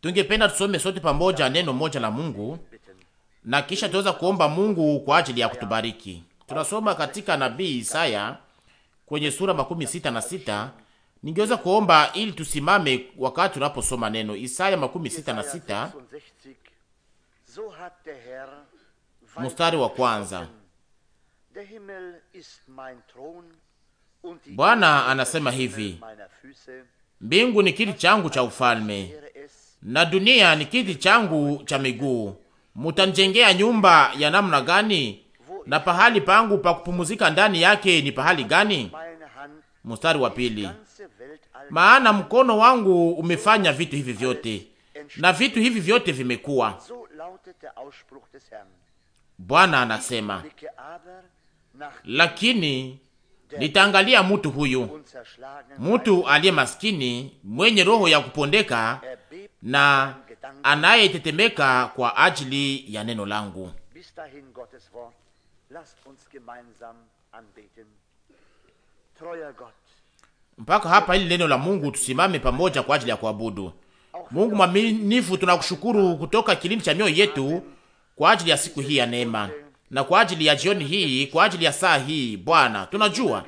Tungependa tusome sote pamoja neno moja la Mungu na kisha tuweza kuomba Mungu kwa ajili ya kutubariki. Tunasoma katika nabii Isaya kwenye sura makumi sita na sita. Ningeweza kuomba ili tusimame wakati tunaposoma neno Isaya makumi sita na sita mstari wa kwanza Bwana anasema hivi, mbingu ni kiti changu cha ufalme na dunia ni kiti changu cha miguu. Mutanijengea nyumba ya namna gani? Na pahali pangu pa kupumuzika ndani yake ni pahali gani? Mstari wa pili, maana mkono wangu umefanya vitu hivi vyote na vitu hivi vyote vimekuwa. Bwana anasema, lakini Nitaangalia mtu huyu, mtu aliye maskini, mwenye roho ya kupondeka na anayetetemeka kwa ajili ya neno langu. Mpaka hapa ili neno la Mungu, tusimame pamoja kwa ajili ya kuabudu Mungu. Mwaminifu, tunakushukuru kutoka kilindi cha mioyo yetu kwa ajili ya siku hii ya neema na kwa ajili ya jioni hii, kwa ajili ya saa hii, Bwana, tunajua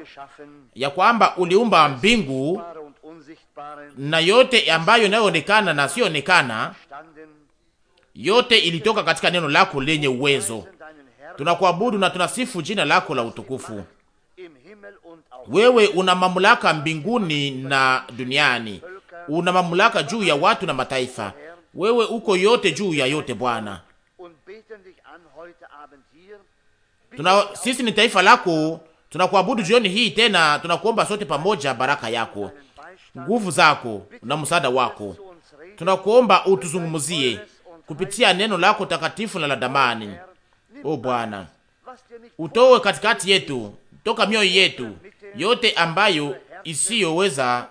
ya kwamba uliumba mbingu na yote ambayo inayoonekana na siyoonekana, yote ilitoka katika neno lako lenye uwezo. Tunakuabudu na tunasifu jina lako la utukufu. Wewe una mamlaka mbinguni na duniani, una mamlaka juu ya watu na mataifa. Wewe uko yote juu ya yote, Bwana Tuna, sisi ni taifa lako, tunakuabudu jioni hii tena, tunakuomba sote pamoja baraka yako, nguvu zako na msaada wako. Tunakuomba utuzungumzie kupitia neno lako takatifu na la damani. O Bwana, utowe katikati yetu, toka mioyo yetu yote ambayo isiyoweza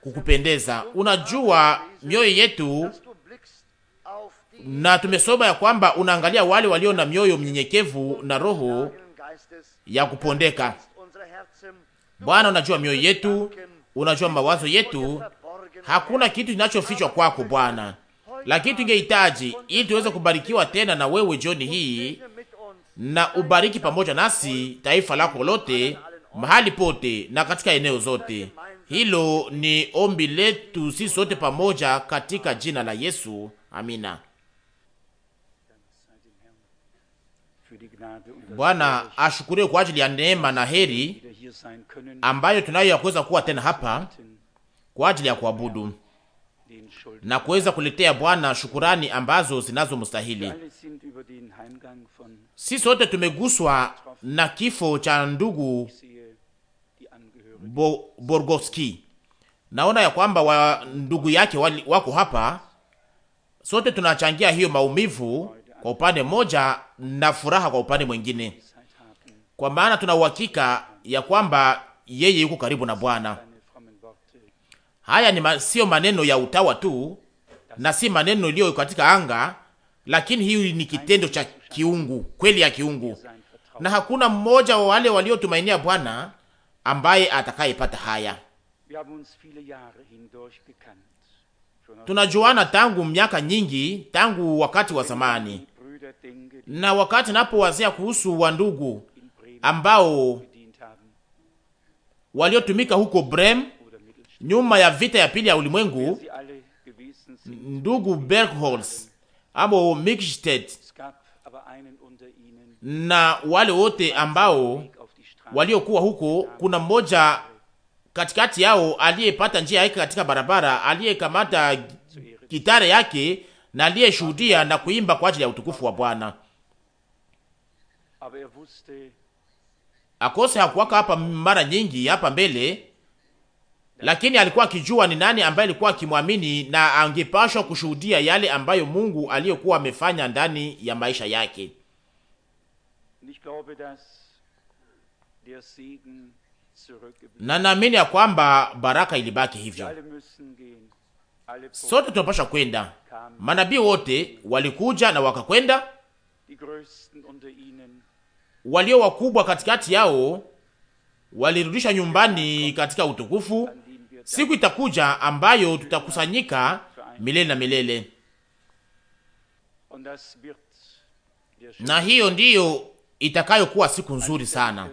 kukupendeza. Unajua mioyo yetu na tumesoma ya kwamba unaangalia wale walio na mioyo mnyenyekevu na roho ya kupondeka. Bwana, unajua mioyo yetu, unajua mawazo yetu, hakuna kitu kinachofichwa kwako Bwana. Lakini tungehitaji ili tuweze kubarikiwa tena na wewe jioni hii, na ubariki pamoja nasi taifa lako lote mahali pote na katika eneo zote. Hilo ni ombi letu sisi sote pamoja katika jina la Yesu, amina. Bwana ashukuriwe kwa ajili ya neema na heri ambayo tunayo ya kuweza kuwa tena hapa kwa ajili ya kuabudu na kuweza kuletea Bwana shukurani ambazo zinazomstahili. Sisi sote tumeguswa na kifo cha ndugu Bo, Borgoski. Naona ya kwamba wa ndugu yake wako hapa, sote tunachangia hiyo maumivu kwa upande mmoja na furaha kwa upande mwingine, kwa maana tuna uhakika ya kwamba yeye yuko karibu na Bwana. Haya ni ma, sio maneno ya utawa tu na si maneno iliyo katika anga, lakini hii ni kitendo cha kiungu, kweli ya kiungu, na hakuna mmoja wa wale waliotumainia Bwana ambaye atakayepata haya. Tunajuana tangu miaka nyingi, tangu wakati wa zamani, na wakati napowazia kuhusu wandugu ambao waliotumika huko Brem nyuma ya vita ya pili ya ulimwengu, ndugu Bergholz amo Mikstedt na wale wote ambao waliokuwa huko, kuna mmoja katikati yao aliyepata njia yake katika barabara, aliyekamata gitare yake na aliyeshuhudia na kuimba kwa ajili ya utukufu wa Bwana. Er Akose hakuwaka hapa mara nyingi hapa mbele, lakini alikuwa akijua ni nani ambaye alikuwa akimwamini na angepashwa kushuhudia yale ambayo Mungu aliyokuwa amefanya ndani ya maisha yake. Na naamini ya kwamba baraka ilibaki hivyo sote tunapasha kwenda. Manabii wote walikuja na wakakwenda, walio wakubwa katikati yao walirudisha nyumbani katika utukufu. Siku itakuja ambayo tutakusanyika milele na milele, na hiyo ndiyo itakayokuwa siku nzuri sana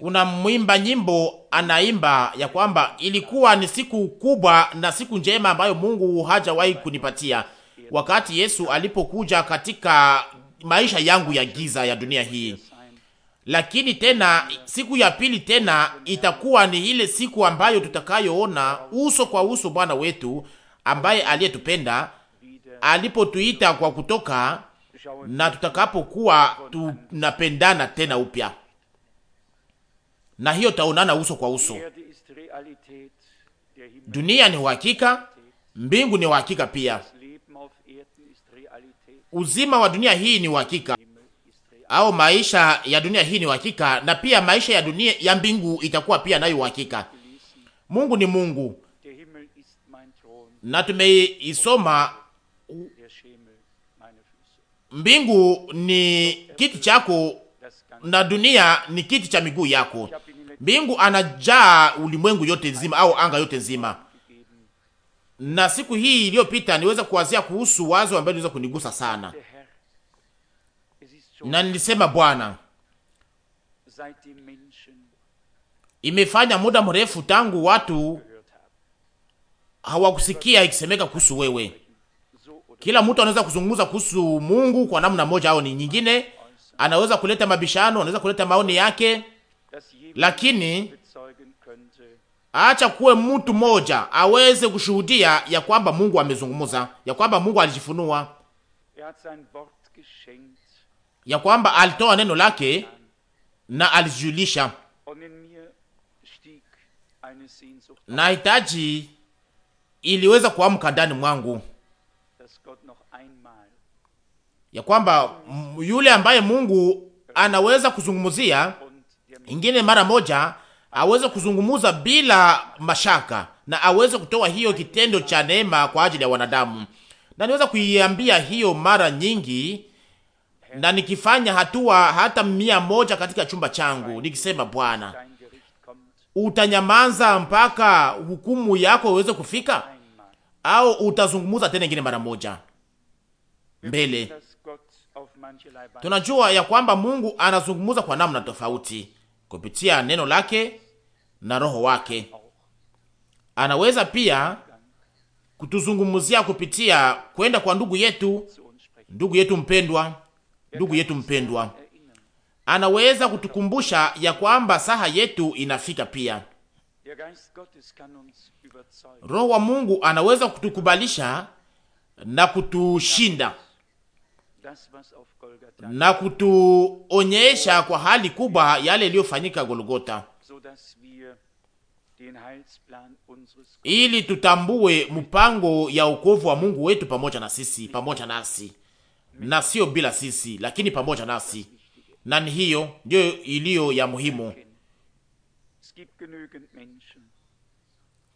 kuna mwimba nyimbo, anaimba ya kwamba ilikuwa ni siku kubwa na siku njema ambayo Mungu hajawahi kunipatia wakati Yesu alipokuja katika maisha yangu ya giza ya dunia hii. Lakini tena siku ya pili tena itakuwa ni ile siku ambayo tutakayoona uso kwa uso Bwana wetu ambaye aliyetupenda alipotuita kwa kutoka, na tutakapokuwa tunapendana tena upya na hiyo taonana uso kwa uso. Dunia ni uhakika, mbingu ni uhakika pia. Uzima wa dunia hii ni uhakika, au maisha ya dunia hii ni uhakika, na pia maisha ya dunia ya mbingu itakuwa pia nayo uhakika. Mungu ni Mungu, na tumeisoma mbingu ni kiti chako na dunia ni kiti cha miguu yako. Mbingu anajaa ulimwengu yote nzima au anga yote nzima. Na siku hii iliyopita niweza kuwazia kuhusu wazo ambayo niweza kunigusa sana, na nilisema Bwana, imefanya muda mrefu tangu watu hawakusikia ikisemeka kuhusu wewe. Kila mtu anaweza kuzungumza kuhusu Mungu kwa namna moja au ni nyingine, anaweza kuleta mabishano, anaweza kuleta maoni yake lakini acha kuwe mtu mmoja aweze kushuhudia ya kwamba Mungu amezungumza, ya kwamba Mungu alijifunua, er ya kwamba alitoa neno lake na alijulisha. Na hitaji iliweza kuamka ndani mwangu ya kwamba yule ambaye Mungu anaweza kuzungumzia ingine mara moja aweze kuzungumuza bila mashaka na aweze kutoa hiyo kitendo cha neema kwa ajili ya wanadamu, na niweza kuiambia hiyo mara nyingi, na nikifanya hatua hata mia moja katika chumba changu nikisema, Bwana, utanyamaza mpaka hukumu yako iweze kufika, au utazungumuza tena ingine mara moja mbele. Tunajua ya kwamba Mungu anazungumuza kwa namna tofauti kupitia neno lake na roho wake. Anaweza pia kutuzungumzia kupitia kwenda kwa ndugu yetu, ndugu yetu mpendwa, ndugu yetu mpendwa. Anaweza kutukumbusha ya kwamba saha yetu inafika. Pia roho wa Mungu anaweza kutukubalisha na kutushinda na kutuonyesha kwa hali kubwa yale yaliyofanyika Golgota, ili tutambue mpango ya ukovu wa Mungu wetu pamoja na sisi, pamoja nasi na sio bila sisi, lakini pamoja nasi, na ni hiyo ndiyo iliyo ya muhimu.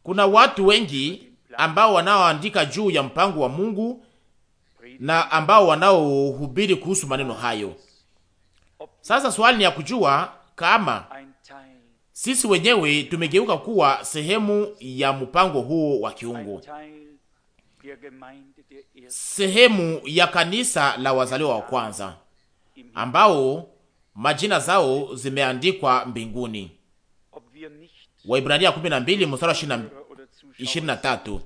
Kuna watu wengi ambao wanaoandika juu ya mpango wa Mungu na ambao wanaohubiri kuhusu maneno hayo. Sasa swali ni ya kujua kama sisi wenyewe tumegeuka kuwa sehemu ya mpango huo wa kiungu, sehemu ya kanisa la wazaliwa wa kwanza ambao majina zao zimeandikwa mbinguni. Waibrania 12 mstari wa 23.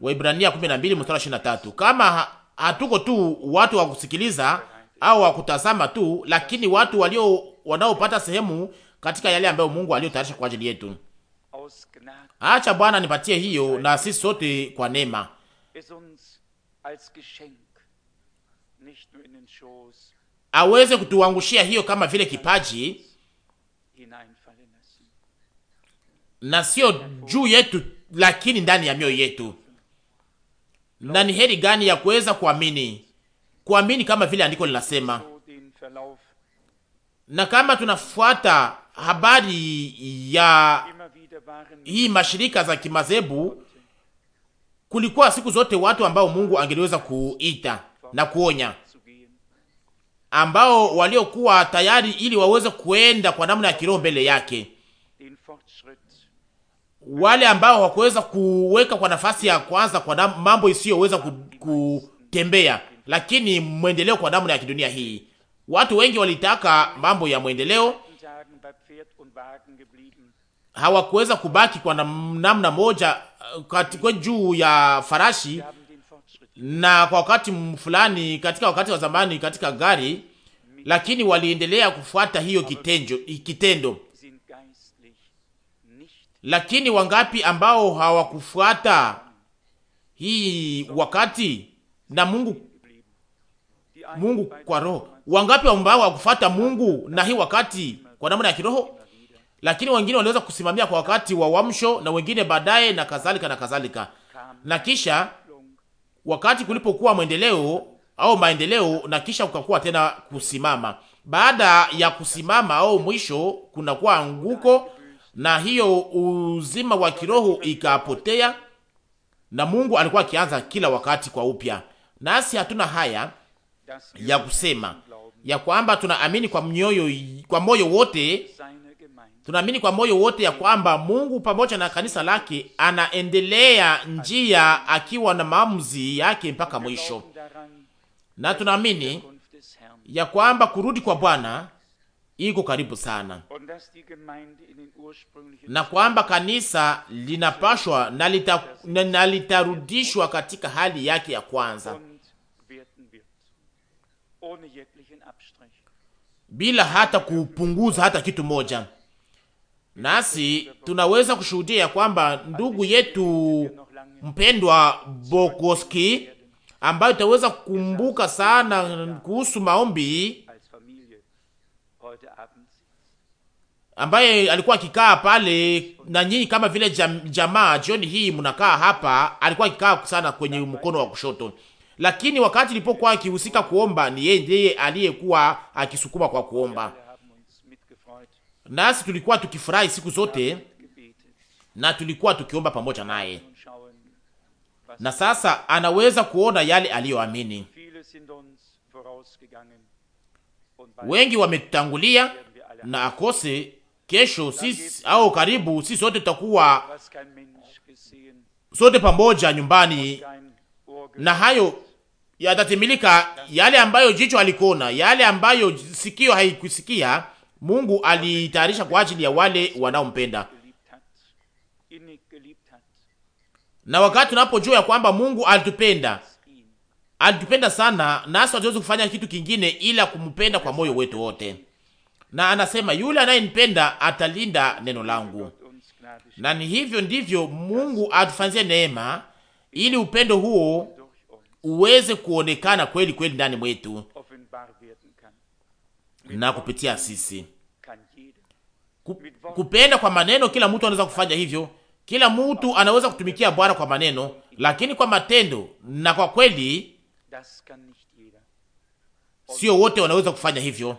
Waibrania 12 mstari 23. Kama hatuko tu watu wa kusikiliza au wa kutazama tu, lakini watu walio wanaopata sehemu katika yale ambayo Mungu aliyotayarisha kwa ajili yetu. Acha Bwana nipatie hiyo na sisi sote kwa neema. Aweze kutuangushia hiyo kama vile kipaji na sio juu yetu, lakini ndani ya mioyo yetu na ni heri gani ya kuweza kuamini, kuamini kama vile andiko linasema. Na kama tunafuata habari ya hii mashirika za kimazebu, kulikuwa siku zote watu ambao Mungu angeliweza kuita na kuonya, ambao waliokuwa tayari ili waweze kuenda kwa namna ya kiroho mbele yake wale ambao hawakuweza kuweka kwa nafasi ya kwanza kwa mambo isiyoweza kutembea, lakini mwendeleo kwa namna ya kidunia hii. Watu wengi walitaka mambo ya mwendeleo, hawakuweza kubaki kwa namna moja uh, katika juu ya farashi na kwa wakati fulani, katika wakati wa zamani, katika gari, lakini waliendelea kufuata hiyo kitenjo, kitendo lakini wangapi ambao hawakufuata hii wakati na Mungu Mungu kwa roho? Wangapi ambao hawakufuata Mungu na hii wakati kwa namna ya kiroho? Lakini wengine waliweza kusimamia kwa wakati wa uamsho na wengine baadaye na kadhalika na kadhalika. Na kisha wakati kulipokuwa mwendeleo au maendeleo na kisha kukakuwa tena kusimama. Baada ya kusimama au mwisho kunakuwa anguko na hiyo uzima wa kiroho ikapotea, na Mungu alikuwa akianza kila wakati kwa upya. Nasi hatuna haya ya kusema ya kwamba tunaamini kwa mnyoyo, kwa moyo wote tunaamini kwa moyo wote ya kwamba Mungu pamoja na kanisa lake anaendelea njia akiwa na maamuzi yake mpaka mwisho, na tunaamini ya kwamba kurudi kwa Bwana iko karibu sana, na kwamba kanisa linapashwa na, lita, litarudishwa katika hali yake ya kwanza bila hata kupunguza hata kitu moja. Nasi tunaweza kushuhudia ya kwamba ndugu yetu mpendwa Bogoski ambayo itaweza kukumbuka sana kuhusu maombi ambaye alikuwa akikaa pale na nyinyi kama vile jam, jamaa jioni hii mnakaa hapa, alikuwa akikaa sana kwenye mkono wa kushoto, lakini wakati ilipokuwa akihusika kuomba, ni yeye ndiye aliyekuwa akisukuma kwa kuomba, nasi tulikuwa tukifurahi siku zote na tulikuwa tukiomba pamoja naye, na sasa anaweza kuona yale aliyoamini. Wengi wametutangulia na akose kesho sisi au karibu sisi sote tutakuwa sote pamoja nyumbani, na hayo yatatimilika, yale ambayo jicho alikona, yale ambayo sikio haikusikia, Mungu alitayarisha kwa ajili ya wale wanaompenda. Na wakati tunapojua ya kwamba Mungu alitupenda, alitupenda sana, nasi hatuwezi kufanya kitu kingine ila kumpenda kwa moyo wetu wote na anasema yule anayenipenda atalinda neno langu. Na ni hivyo ndivyo Mungu atufanzie neema, ili upendo huo uweze kuonekana kweli kweli ndani mwetu na kupitia sisi. Kupenda kwa maneno, kila mtu anaweza kufanya hivyo, kila mtu anaweza kutumikia Bwana kwa maneno, lakini kwa matendo na kwa kweli, sio wote wanaweza kufanya hivyo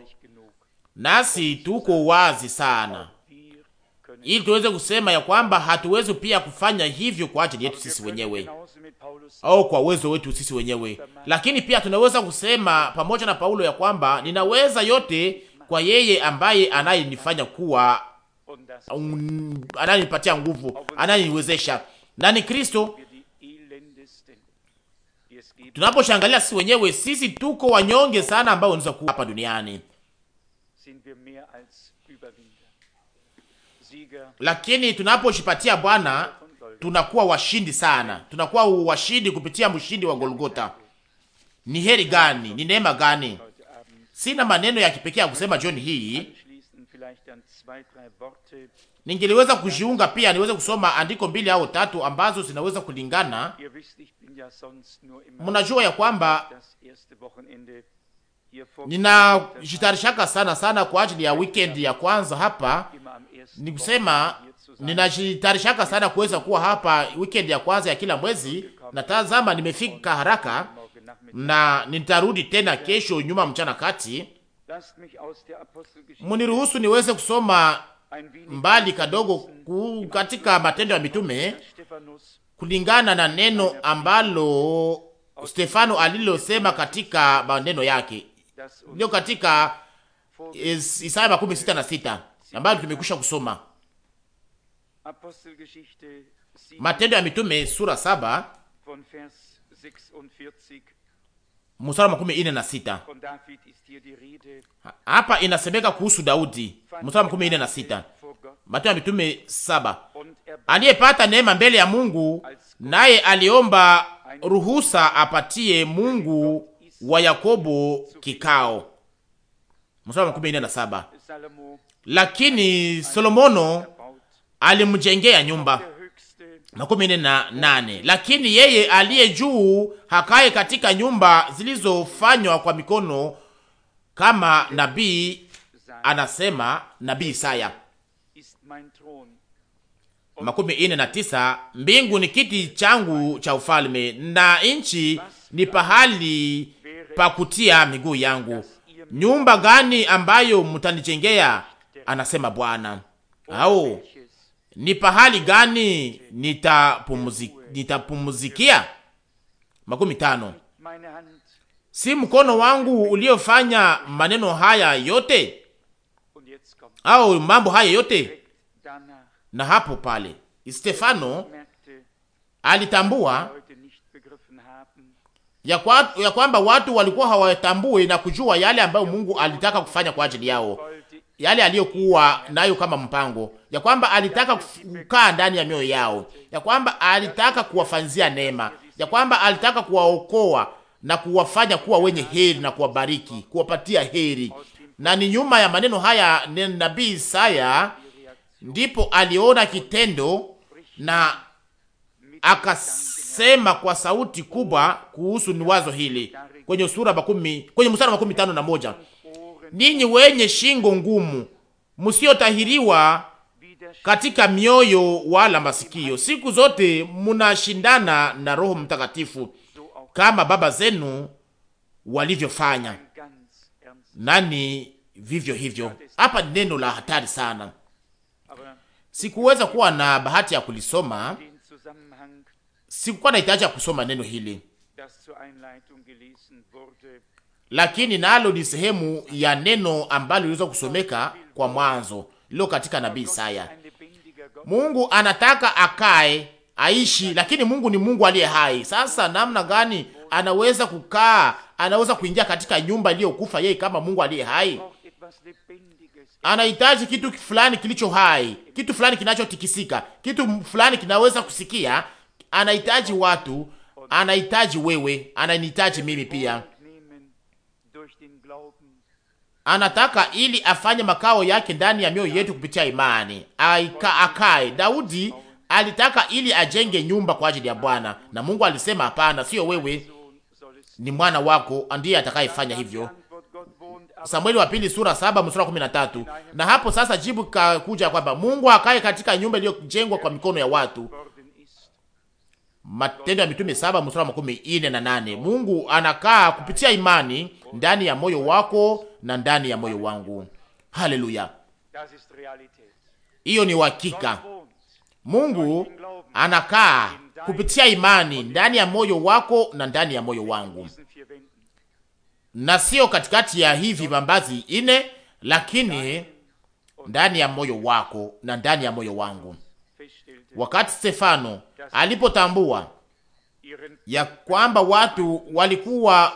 nasi tuko wazi sana, ili tuweze kusema ya kwamba hatuwezi pia kufanya hivyo kwa ajili yetu sisi wenyewe au kwa uwezo wetu sisi wenyewe, lakini pia tunaweza kusema pamoja na Paulo ya kwamba ninaweza yote kwa yeye ambaye anayenifanya kuwa um, anayenipatia nguvu, anayeniwezesha na ni Kristo. Tunaposhangalia sisi wenyewe, sisi tuko wanyonge sana ambao wanaweza kuwa hapa duniani, lakini tunapojipatia Bwana tunakuwa washindi sana, tunakuwa washindi kupitia mshindi wa Golgota. Ni heri gani, ni neema gani! Sina maneno ya kipekee ya kusema jioni hii. Ningeliweza kujiunga pia niweze kusoma andiko mbili au tatu ambazo zinaweza kulingana. Mnajua ya kwamba ninajitarishaka sana sana kwa ajili ya weekend ya kwanza hapa, ni kusema ninajitarishaka sana kuweza kuwa hapa weekend ya kwanza ya kila mwezi, na tazama nimefika haraka na nitarudi tena kesho nyuma mchana kati. Muniruhusu niweze kusoma mbali kadogo katika Matendo ya Mitume kulingana na neno ambalo Stefano alilosema katika maneno yake ndio katika eh, Isaya makumi sita na sita ambayo tumekwisha kusoma. Matendo ya Mitume sura saba mstari makumi ine na sita hapa inasemeka kuhusu Daudi. Mstari makumi ine na sita Matendo ya Mitume saba er aliyepata neema mbele ya Mungu naye aliomba ruhusa apatie Mungu wa Yakobo kikao mstari wa lakini Solomono alimjengea nyumba. Makumi nne na nane. Lakini yeye aliye juu hakae katika nyumba zilizofanywa kwa mikono, kama nabii anasema nabii Isaya. Makumi nne na tisa. Mbingu ni kiti changu cha ufalme na nchi ni pahali pa kutia miguu yangu. Nyumba gani ambayo mtanijengea? Anasema Bwana. Au ni pahali gani nitapumuzikia nitapumuzikia? Makumi tano. Si mkono wangu uliofanya maneno haya yote au mambo haya yote? Na hapo pale Stefano alitambua ya, kwa, ya kwamba watu walikuwa hawatambui na kujua yale ambayo Mungu alitaka kufanya kwa ajili yao, yale aliyokuwa nayo kama mpango, ya kwamba alitaka kukaa ndani ya mioyo yao, ya kwamba alitaka kuwafanzia neema, ya kwamba alitaka kuwaokoa na kuwafanya kuwa wenye heri na kuwabariki, kuwapatia heri. Na ni nyuma ya maneno haya nabii Isaya ndipo aliona kitendo na akas sema kwa sauti kubwa kuhusu ni wazo hili kwenye sura makumi, kwenye mstari makumi tano na moja ninyi wenye shingo ngumu msiotahiriwa katika mioyo wala masikio, siku zote munashindana na Roho Mtakatifu kama baba zenu walivyofanya, nani vivyo hivyo. Hapa ni neno la hatari sana, sikuweza kuwa na bahati ya kulisoma sikuwa na ya kusoma neno hili, lakini nalo ni sehemu ya neno ambalo iliweza kusomeka kwa mwanzo lilo katika nabii Isaya. Mungu anataka akae aishi, lakini Mungu ni Mungu aliye hai. Sasa namna gani anaweza kukaa, anaweza kuingia katika nyumba iliyokufa yeye kama Mungu aliye hai? Anahitaji kitu fulani kilicho hai, kitu fulani kinachotikisika, kitu fulani kinaweza kusikia anahitaji watu, anahitaji wewe, ananihitaji mimi pia. Anataka ili afanye makao yake ndani ya mioyo yetu kupitia imani. Aika, akae Daudi alitaka ili ajenge nyumba kwa ajili ya Bwana, na Mungu alisema hapana, sio wewe, ni mwana wako ndiye atakayefanya hivyo. Samueli wa pili sura saba mstari kumi na tatu. Na hapo sasa jibu kakuja kwamba Mungu akae katika nyumba iliyojengwa kwa mikono ya watu, Matendo ya Mitume saba mstari makumi ine na nane. Mungu anakaa kupitia imani ndani ya moyo wako na ndani ya moyo wangu. Haleluya! Hiyo ni uhakika. Mungu anakaa kupitia imani ndani ya moyo wako na ndani ya moyo wangu, na sio katikati ya hivi mambazi ine, lakini ndani ya moyo wako na ndani ya moyo wangu. Wakati Stefano alipotambua ya kwamba watu walikuwa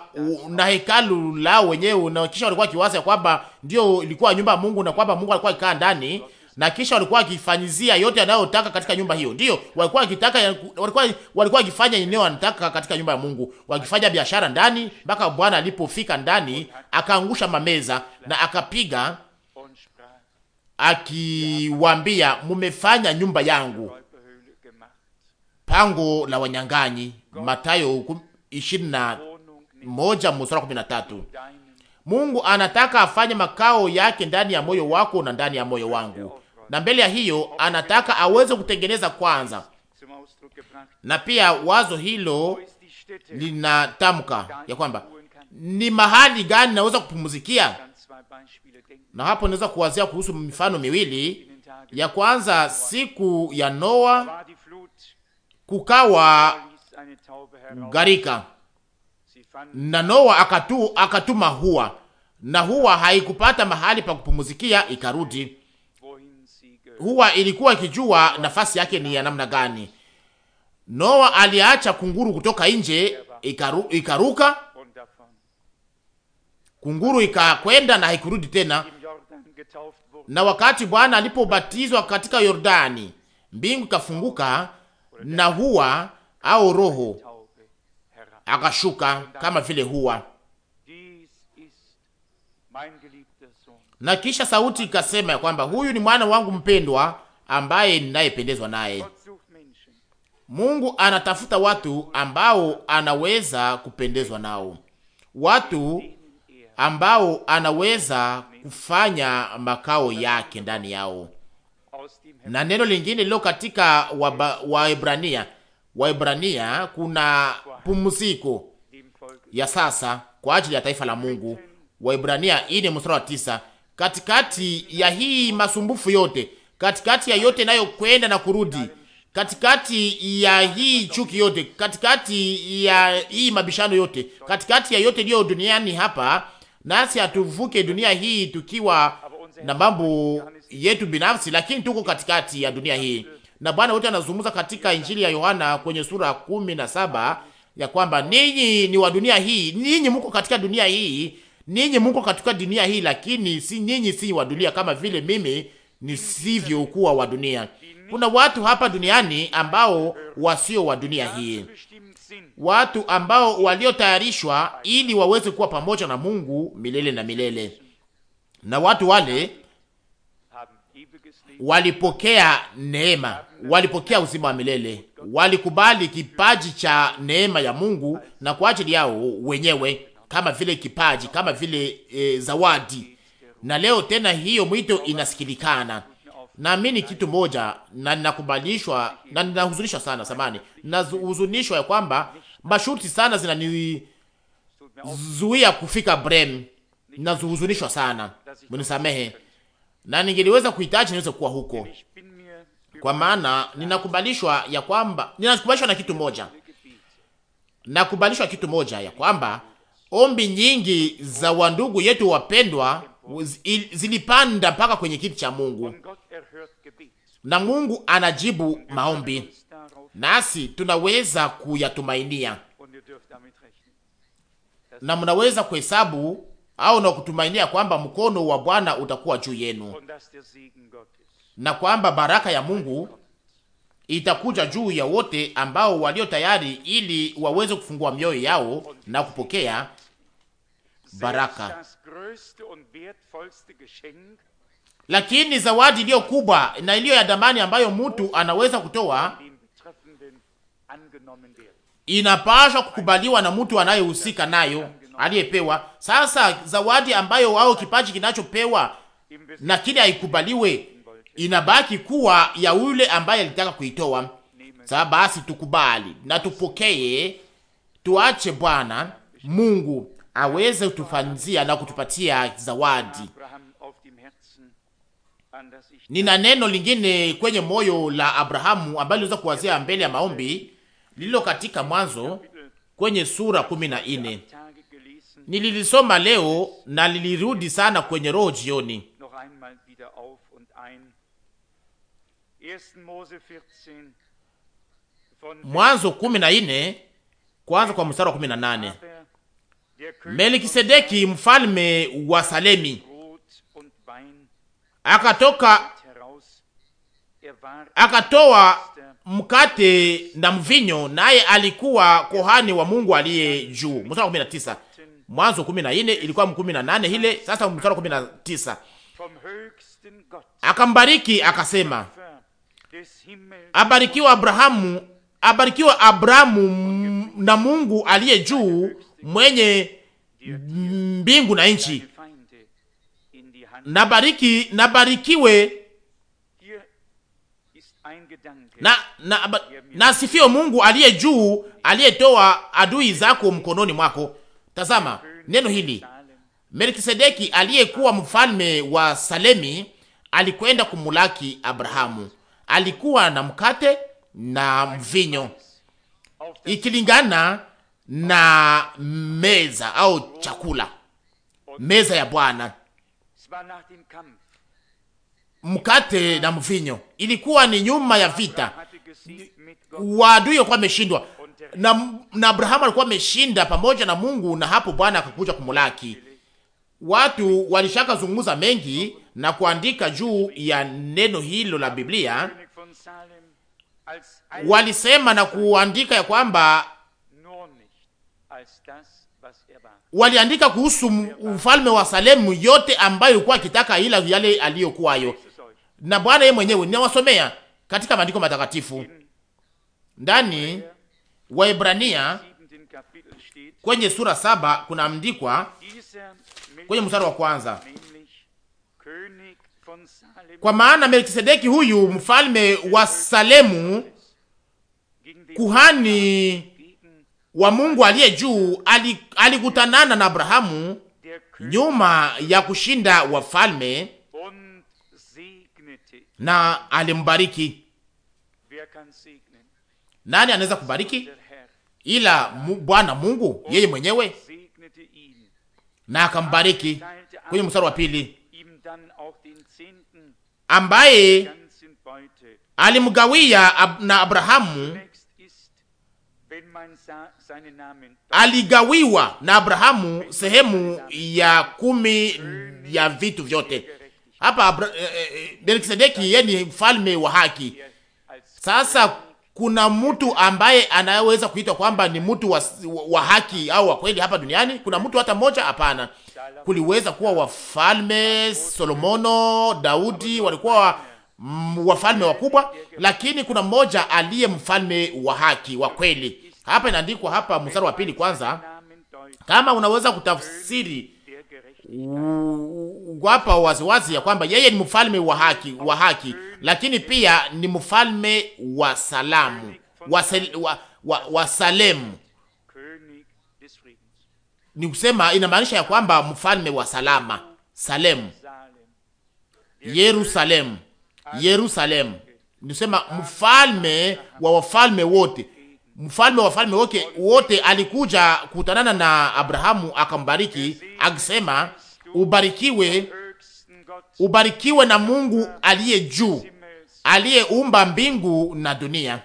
na hekalu lao wenyewe, na kisha walikuwa kiwaza kwamba ndio ilikuwa nyumba ya Mungu na kwamba Mungu alikuwa akikaa ndani, na kisha walikuwa akifanyizia yote anayotaka katika nyumba hiyo. Ndio walikuwa akitaka, walikuwa walikuwa akifanya eneo anataka katika nyumba ya Mungu, wakifanya biashara ndani, mpaka Bwana alipofika ndani akaangusha mameza na akapiga akiwaambia, mumefanya nyumba yangu pango la wanyang'anyi, Mathayo ishirini na moja mstari kumi tatu. Mungu anataka afanye makao yake ndani ya moyo wako na ndani ya moyo wangu, na mbele ya hiyo anataka aweze kutengeneza kwanza, na pia wazo hilo linatamka ya kwamba ni mahali gani naweza kupumuzikia. Na hapo naweza kuwazia kuhusu mifano miwili. Ya kwanza, siku ya Noa kukawa gharika na Noa akatu, akatuma hua na hua haikupata mahali pa kupumuzikia, ikarudi. Hua ilikuwa ikijua nafasi yake ni ya namna gani. Noa aliacha kunguru kutoka nje, ikaru, ikaruka kunguru ikakwenda na haikurudi tena. Na wakati Bwana alipobatizwa katika Yordani, mbingu ikafunguka na huwa au roho akashuka kama vile huwa, na kisha sauti ikasema ya kwamba huyu ni mwana wangu mpendwa ambaye ninayependezwa naye. Mungu anatafuta watu ambao anaweza kupendezwa nao, watu ambao anaweza kufanya makao yake ndani yao, na neno lingine lilo katika Waebrania Waebrania, kuna pumziko ya sasa kwa ajili ya taifa la Mungu. Waebrania ine mstari wa tisa. Katikati ya hii masumbufu yote, katikati ya yote inayokwenda na kurudi, katikati ya hii chuki yote, katikati ya hii mabishano yote, katikati ya yote iliyo duniani hapa, nasi hatuvuke dunia hii tukiwa na mambo yetu binafsi, lakini tuko katikati ya dunia hii, na Bwana wote anazungumza katika Injili ya Yohana kwenye sura kumi na saba ya kwamba ninyi ni wa dunia hii, ninyi mko katika dunia hii, ninyi mko katika dunia hii, lakini si ninyi si wa dunia kama vile mimi nisivyokuwa wa dunia. Kuna watu hapa duniani ambao wasio wa dunia hii, watu ambao waliotayarishwa ili waweze kuwa pamoja na Mungu milele na milele na watu wale walipokea neema, walipokea uzima wa milele, walikubali kipaji cha neema ya Mungu na kwa ajili yao wenyewe, kama vile kipaji, kama vile e, zawadi. Na leo tena hiyo mwito inasikilikana. Naamini kitu moja, na ninakubalishwa na ninahuzunishwa sana, samani, nahuzunishwa ya kwamba masharti sana zinanizuia kufika Bremen nazuhuzunishwa sana, mnisamehe, na ningeliweza kuhitaji niweze kuwa huko, kwa maana ninakubalishwa ya kwamba ninakubalishwa na kitu moja, nakubalishwa kitu moja ya kwamba ombi nyingi za wandugu yetu wapendwa zilipanda mpaka kwenye kiti cha Mungu na Mungu anajibu maombi, nasi tunaweza kuyatumainia na mnaweza kuhesabu au na kutumainia kwamba mkono wa Bwana utakuwa juu yenu na kwamba baraka ya Mungu itakuja juu ya wote ambao walio tayari ili waweze kufungua mioyo yao na kupokea baraka. Lakini zawadi iliyo kubwa na iliyo ya damani ambayo mtu anaweza kutoa inapashwa kukubaliwa na mtu anayehusika nayo aliyepewa. Sasa zawadi ambayo au kipaji kinachopewa na kile haikubaliwe inabaki kuwa ya yule ambaye alitaka kuitoa. Sasa basi tukubali na tupokee, tuache Bwana Mungu aweze kutufanzia na kutupatia zawadi. Nina neno lingine kwenye moyo la Abrahamu ambalo liweza kuwazia mbele ya maombi lililo katika Mwanzo kwenye sura kumi na nne nililisoma leo na lilirudi sana kwenye roho jioni. Mwanzo kumi na nne kwanza kwa mstari wa kumi na nane Melkisedeki mfalme wa Salemi akatoka er akatoa mkate na mvinyo, naye alikuwa kohani wa Mungu aliye juu. Mstari wa Mwanzo 14 ilikuwa 18 ile, sasa mstari 19. Akambariki akasema, abarikiwa Abrahamu, abarikiwa Abrahamu na Mungu aliye juu, mwenye mbingu na nchi. Nabariki, nabarikiwe na, na, na, na sifio Mungu aliye juu, aliyetoa adui zako mkononi mwako. Tazama neno hili, Melkisedeki aliyekuwa mfalme wa Salemi alikwenda kumulaki Abrahamu, alikuwa na mkate na mvinyo ikilingana na meza au chakula, meza ya Bwana. Mkate na mvinyo ilikuwa ni nyuma ya vita, waadui wakuwa ameshindwa na, na Abrahamu alikuwa ameshinda pamoja na Mungu, na hapo Bwana akakuja kumulaki. Watu walishaka zungumza mengi na kuandika juu ya neno hilo la Biblia, walisema na kuandika ya kwamba waliandika kuhusu ufalme wa Salemu yote ambayo ilikuwa akitaka, ila yale aliyokuwayo na Bwana yeye mwenyewe. Ninawasomea katika maandiko matakatifu ndani Waebrania kwenye sura saba kunaandikwa kwenye mstari wa kwanza, kwa maana Melkisedeki huyu mfalme wa Salemu, kuhani wa Mungu aliye juu, alikutanana na Abrahamu nyuma ya kushinda wafalme na alimbariki. Nani anaweza kubariki ila Bwana Mungu yeye mwenyewe? Na akambariki kwenye mstari wa pili, ambaye alimgawia na Abrahamu aligawiwa na Abrahamu sehemu ya kumi ya vitu vyote. Hapa eh, eh, eh, Melkisedeki yeye ni mfalme wa haki. Sasa kuna mtu ambaye anaweza kuitwa kwamba ni mtu wa, wa haki au wa kweli hapa duniani? Kuna mtu hata mmoja? Hapana. Kuliweza kuwa wafalme Solomono, Daudi walikuwa wafalme wakubwa, lakini kuna mmoja aliye mfalme wa haki wa kweli. Hapa inaandikwa hapa mstari wa pili kwanza, kama unaweza kutafsiri wapa waziwazi ya kwamba yeye ni mfalme wa haki, wa haki, lakini pia ni mfalme wa salamu wa, wa, wa, wa Salemu. Ni kusema inamaanisha ya kwamba mfalme wa salama, Salemu, Yerusalemu, Yerusalemu kusema mfalme wa wafalme wote, mfalme wa wafalme wote wote, alikuja kutanana na Abrahamu akambariki akisema ubarikiwe, ubarikiwe na Mungu aliye juu, aliyeumba mbingu na dunia.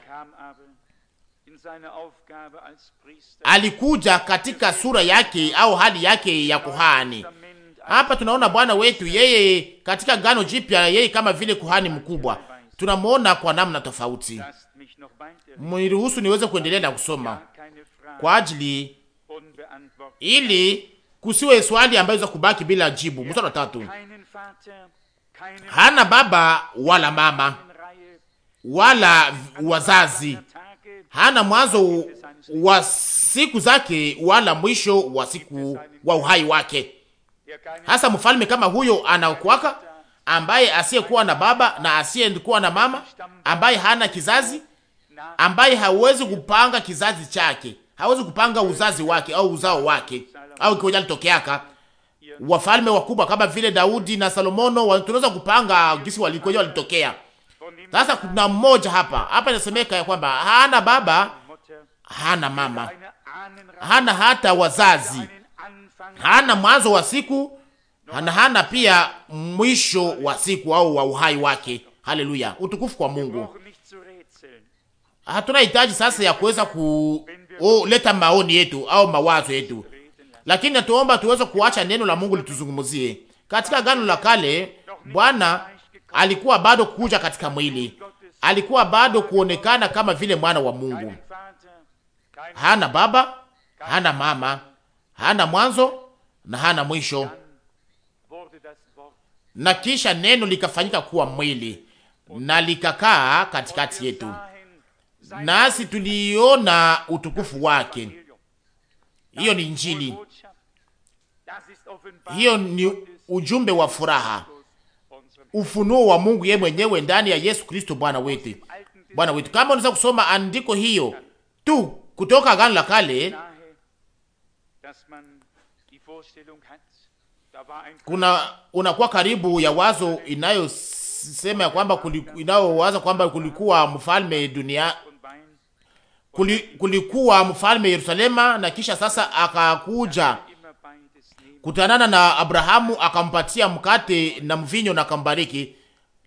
Alikuja katika sura yake au hali yake ya kuhani. Hapa tunaona Bwana wetu yeye katika gano jipya, yeye kama vile kuhani mkubwa tunamwona kwa namna tofauti. Mniruhusu niweze kuendelea na kusoma kwa ajili ili kusiwe swali ambayo za kubaki bila jibu. Mstari wa tatu, hana baba wala mama wala wazazi, hana mwanzo wa siku zake wala mwisho wa siku wa uhai wake. Hasa mfalme kama huyo anakuwaka, ambaye asiyekuwa na baba na asiyekuwa na mama, ambaye hana kizazi, ambaye hawezi kupanga kizazi chake, hawezi kupanga uzazi wake au uzao wake au kioja litokeaka. Wafalme wakubwa kama vile Daudi na Salomono tunaweza kupanga gisi walikoje walitokea. Sasa kuna mmoja hapa hapa inasemeka ya kwamba hana baba, hana mama, hana hata wazazi, hana mwanzo wa siku hana hana pia mwisho wa siku au wa uhai wake. Haleluya, utukufu kwa Mungu. Hatuna hitaji sasa ya kuweza ku Oh, leta maoni yetu au mawazo yetu, lakini natuomba tuweze kuacha neno la Mungu lituzungumzie. Katika gano la Kale Bwana alikuwa bado kuja katika mwili, alikuwa bado kuonekana kama vile mwana wa Mungu. Hana baba, hana mama, hana mwanzo na hana mwisho. Na kisha neno likafanyika kuwa mwili na likakaa katikati yetu nasi tuliona utukufu wake. Hiyo ni Injili, hiyo ni ujumbe wa furaha, ufunuo wa Mungu yeye mwenyewe ndani ya Yesu Kristo Bwana wetu, Bwana wetu. Kama unaweza kusoma andiko hiyo tu kutoka Agano la Kale, kuna unakuwa karibu ya wazo inayosema ya kwamba inayowaza kwamba kulikuwa mfalme dunia Kuli, kulikuwa mfalme Yerusalema, na kisha sasa akakuja kutanana na Abrahamu akampatia mkate na mvinyo na kambariki.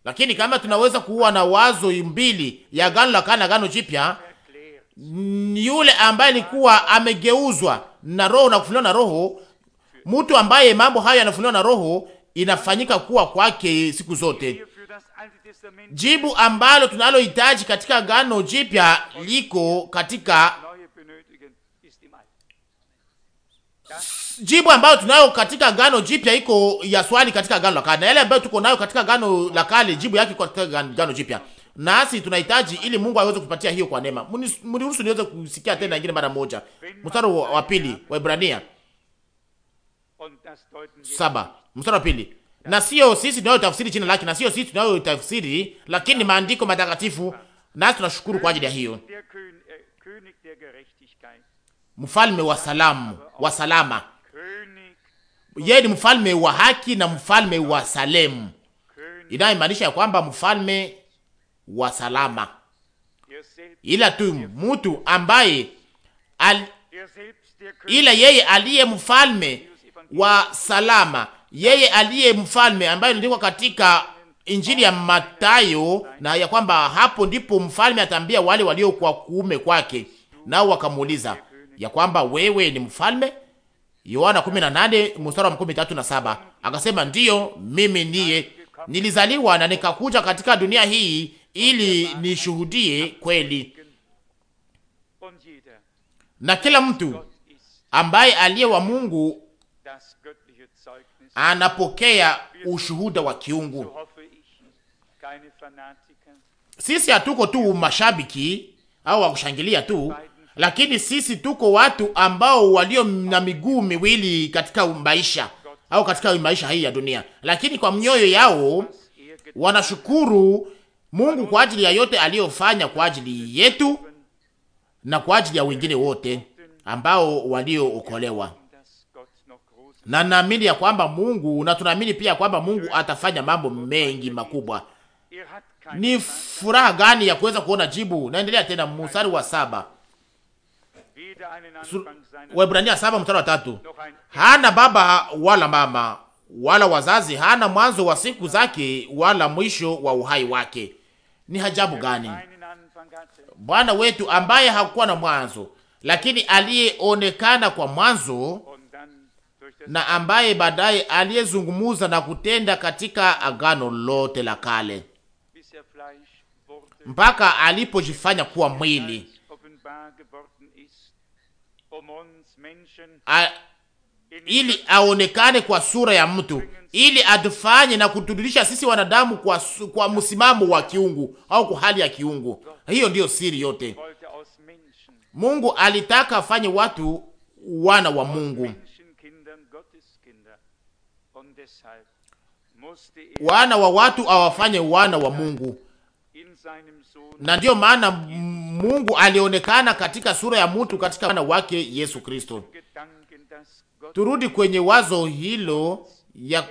Lakini kama tunaweza kuwa na wazo mbili ya gano la kale na gano jipya, yule ambaye alikuwa amegeuzwa na roho na kufunuliwa na roho, mtu ambaye mambo hayo yanafunuliwa na roho, inafanyika kuwa kwake siku zote Jibu ambalo tunalohitaji katika gano Jipya liko katika jibu ambayo tunayo katika gano Jipya iko ya swali katika gano la Kale, na yale ambayo tuko nayo katika gano la Kale jibu yake katika gano Jipya, nasi tunahitaji ili Mungu aweze kupatia hiyo kwa neema. Mniruhusu niweze kusikia tena ingine mara moja, mstari wa pili wa Ibrania saba mstari wa pili na sio sisi tunayotafsiri jina lake, na sio sisi tunayotafsiri, lakini maandiko matakatifu, nasi tunashukuru kwa ajili ya hiyo. Äh, mfalme wa salamu wa salama, yeye ni mfalme wa haki na mfalme wa Salemu, inayomaanisha ya kwamba mfalme wa salama, ila tu mtu ambaye al, ila yeye aliye mfalme wa salama yeye aliye mfalme, ambayo ndiko katika Injili ya matayo na ya kwamba hapo ndipo mfalme atambia wale walio kwa kuume kwake, nao wakamuuliza ya kwamba wewe ni mfalme? Yohana 18 mstari wa 13 na saba. Akasema ndiyo, mimi niye nilizaliwa na nikakuja katika dunia hii ili nishuhudie kweli. Na kila mtu ambaye aliye wa Mungu anapokea ushuhuda wa kiungu. Sisi hatuko tu mashabiki au wakushangilia tu, lakini sisi tuko watu ambao walio na miguu miwili katika maisha au katika maisha hii ya dunia, lakini kwa mioyo yao wanashukuru Mungu kwa ajili ya yote aliyofanya kwa ajili yetu na kwa ajili ya wengine wote ambao waliookolewa na naamini ya kwamba Mungu na tunaamini pia kwamba Mungu atafanya mambo mengi makubwa. Ni furaha gani ya kuweza kuona jibu. Naendelea tena mstari wa saba. Waebrania saba mstari wa tatu. Hana baba wala mama wala wazazi, hana mwanzo wa siku zake wala mwisho wa uhai wake. Ni hajabu gani Bwana wetu ambaye hakuwa na mwanzo, lakini aliyeonekana kwa mwanzo na ambaye baadaye aliyezungumuza na kutenda katika agano lote la kale mpaka alipojifanya kuwa mwili A, ili aonekane kwa sura ya mtu ili atufanye na kutudulisha sisi wanadamu kwa, kwa msimamo wa kiungu au kwa hali ya kiungu. Hiyo ndiyo siri yote. Mungu alitaka afanye watu wana wa Mungu Er wana wa watu awafanye wana wa Mungu, na ndiyo maana Mungu alionekana katika sura ya mtu katika mwana wake Yesu Kristo. Turudi kwenye wazo hilo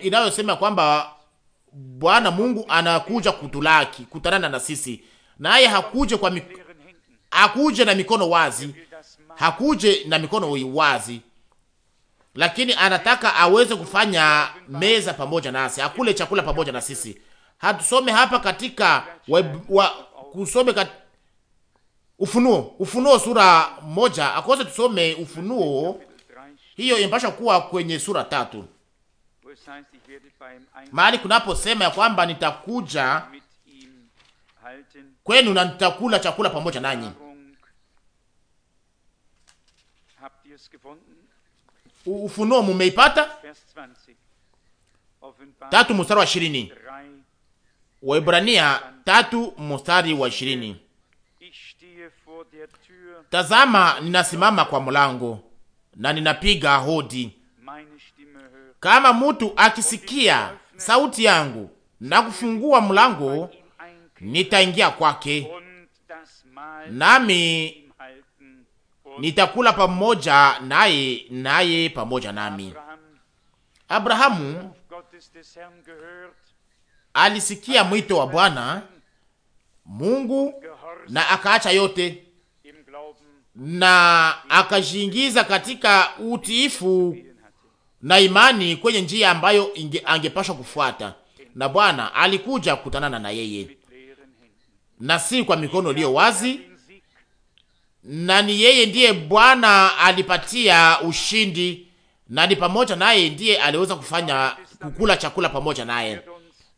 inayosema kwamba Bwana Mungu anakuja kutulaki kutanana na sisi, naye hakuje kwa mik... hakuje na mikono wazi, hakuje na mikono wazi lakini anataka aweze kufanya meza pamoja nasi, akule chakula pamoja na sisi. Hatusome hapa katika web, wa, kusome kat... Ufunuo, Ufunuo sura moja akose, tusome Ufunuo hiyo inapasha kuwa kwenye sura tatu, mahali kunaposema ya kwamba nitakuja kwenu na nitakula chakula pamoja nanyi. Ufunuo mumeipata tatu mstari wa ishirini Waebrania tatu mstari wa ishirini Tazama, ninasimama kwa mlango na ninapiga hodi. Kama mtu akisikia sauti yangu na kufungua mlango, nitaingia kwake nami nitakula pamoja naye, naye pamoja nami. Abrahamu alisikia mwito wa Bwana Mungu na akaacha yote na akajiingiza katika utiifu na imani kwenye njia ambayo inge, angepashwa kufuata, na Bwana alikuja kukutanana na yeye na si kwa mikono iliyo wazi, na ni yeye ndiye Bwana alipatia ushindi, na ni pamoja naye ndiye aliweza kufanya kukula chakula pamoja naye.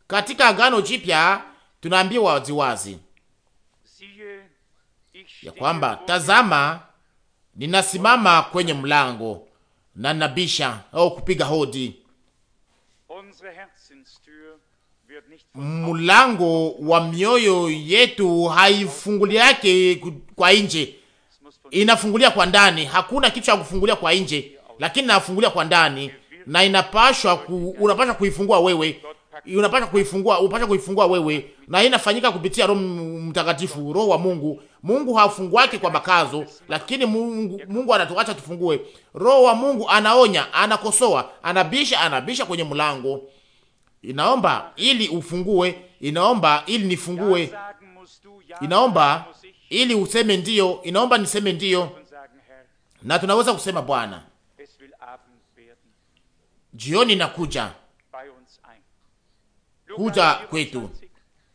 Katika Agano Jipya tunaambiwa waziwazi ya kwamba tazama, ninasimama kwenye mlango na nabisha au kupiga hodi. Mlango wa mioyo yetu haifunguliake kwa nje, inafungulia kwa ndani, hakuna kitu cha kufungulia kwa nje, lakini inafungulia kwa ndani na inapashwa ku, unapasha kuifungua wewe, unapasha kuifungua, unapasha kuifungua wewe, na hii inafanyika kupitia Roho Mtakatifu, Roho wa Mungu. Mungu hafunguaki kwa makazo, lakini Mungu, Mungu anatuacha tufungue. Roho wa Mungu anaonya, anakosoa, anabisha, anabisha kwenye mlango, inaomba ili ufungue, inaomba ili nifungue, inaomba ili useme ndiyo, inaomba niseme ndiyo, na tunaweza kusema Bwana, jioni nakuja, kuja kwetu.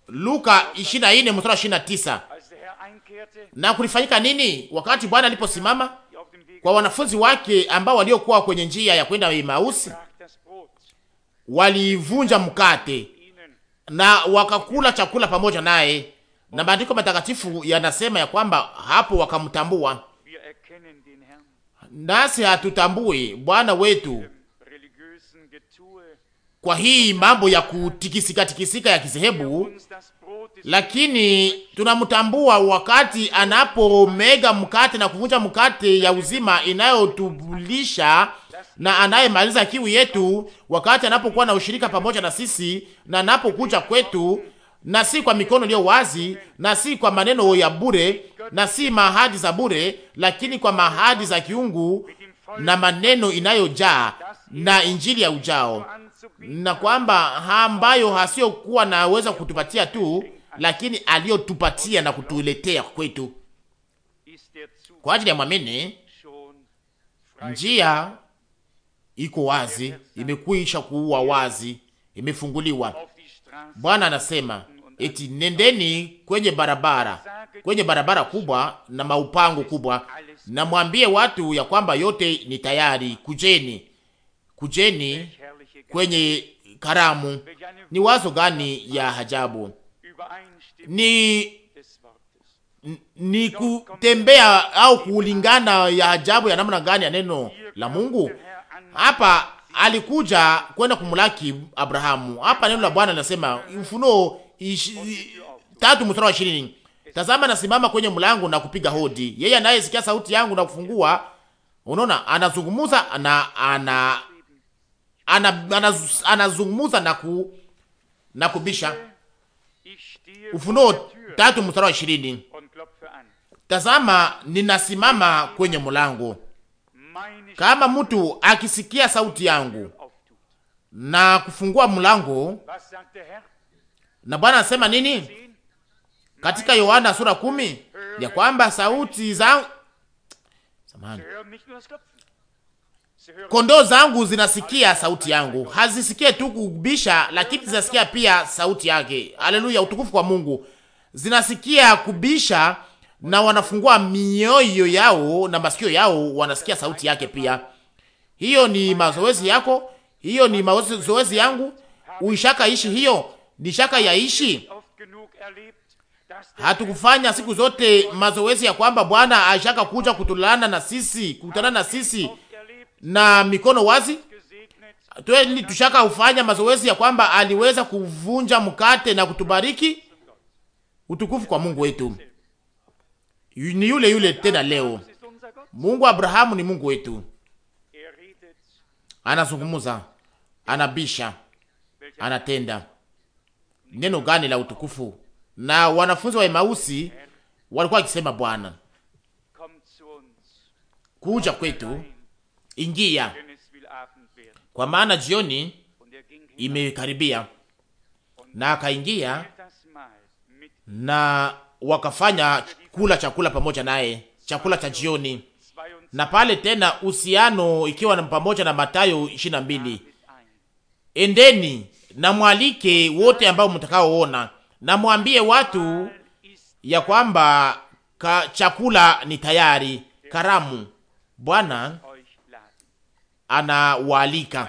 Luka 24 mstari 29. Na kulifanyika nini wakati Bwana aliposimama kwa wanafunzi wake ambao waliokuwa kwenye njia ya kwenda Emausi? Walivunja mkate na wakakula chakula pamoja naye na maandiko matakatifu yanasema ya kwamba hapo wakamtambua. Nasi hatutambui Bwana wetu kwa hii mambo ya kutikisika tikisika ya kisehebu, lakini tunamtambua wakati anapomega mkate na kuvunja mkate ya uzima inayotubulisha na anayemaliza kiu yetu, wakati anapokuwa na ushirika pamoja na sisi na anapokuja kwetu na si kwa mikono iliyo wazi, na si kwa maneno ya bure, na si mahadi za bure, lakini kwa mahadi za kiungu na maneno inayojaa na injili ya ujao, na kwamba ambayo hasiyokuwa naweza kutupatia tu, lakini aliyotupatia na kutuletea kwetu kwa ajili ya mwamini. Njia iko wazi, imekwisha kuwa wazi, imefunguliwa. Bwana anasema eti nendeni kwenye barabara, kwenye barabara kubwa na maupango kubwa, na mwambie watu ya kwamba yote ni tayari, kujeni, kujeni kwenye karamu. Ni wazo gani ya hajabu Ni ni kutembea au kulingana ya ajabu ya namna gani ya neno la Mungu. Hapa alikuja kwenda kumlaki Abrahamu. Hapa neno la Bwana linasema Ufunuo tatu mstari wa ishirini tazama nasimama kwenye mlango na kupiga hodi, yeye anayesikia sauti yangu na kufungua. Unaona, anazungumza ana ana anazungumza na ku na kubisha. Ufunuo tatu mstari wa ishirini tazama ninasimama kwenye mlango, kama mtu akisikia sauti yangu na kufungua mlango, na Bwana anasema nini katika Yohana sura kumi? Ya kwamba sauti za samani kondoo zangu zinasikia sauti yangu, hazisikie tu kubisha, lakini zinasikia pia sauti yake. Haleluya, utukufu kwa Mungu. Zinasikia kubisha na wanafungua mioyo yao na masikio yao, wanasikia sauti yake pia. Hiyo ni mazoezi yako, hiyo ni mazoezi yangu. Uishaka ishi hiyo nishaka yaishi? Hatukufanya siku zote mazoezi ya kwamba Bwana ashaka kuja kutulana na sisi, kukutana na sisi na mikono wazi? ni tushaka ufanya mazoezi ya kwamba aliweza kuvunja mkate na kutubariki. Utukufu kwa Mungu wetu, ni yule yule tena leo. Mungu Abrahamu ni Mungu wetu, anazungumuza, anabisha, anatenda neno gani la utukufu! Na wanafunzi wa Emausi walikuwa wakisema, Bwana, kuja kwetu, ingia, kwa maana jioni imekaribia. Na akaingia na wakafanya kula chakula pamoja naye, chakula cha jioni. Na pale tena uhusiano ikiwa pamoja na Mathayo 22, endeni na mwalike wote ambao mtakaoona, na mwambie watu ya kwamba ka chakula ni tayari, karamu Bwana anawaalika.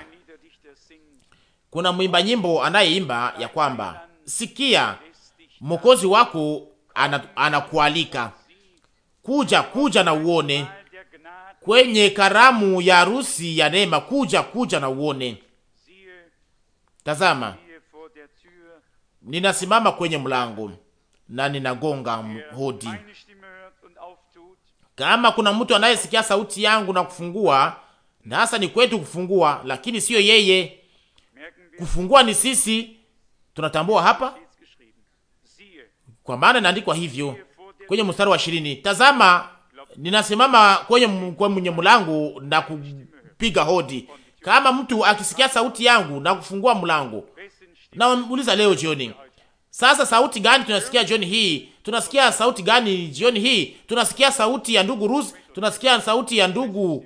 Kuna mwimba nyimbo anayeimba ya kwamba sikia, mokozi wako anakualika, ana kuja, kuja na uone kwenye karamu ya harusi ya neema, kuja, kuja na uone Tazama, ninasimama kwenye mlango na ninagonga hodi. Kama kuna mtu anayesikia sauti yangu na kufungua, na hasa ni kwetu kufungua, lakini siyo yeye kufungua, ni sisi. Tunatambua hapa, kwa maana inaandikwa hivyo kwenye mstari wa ishirini, tazama ninasimama kwenye mwenye mlango na kupiga hodi. Kama mtu akisikia sauti yangu na kufungua mlango, nauliza leo jioni, sasa sauti gani tunasikia jioni hii? Tunasikia sauti gani jioni hii? Tunasikia sauti ya ndugu Rus, tunasikia sauti ya ndugu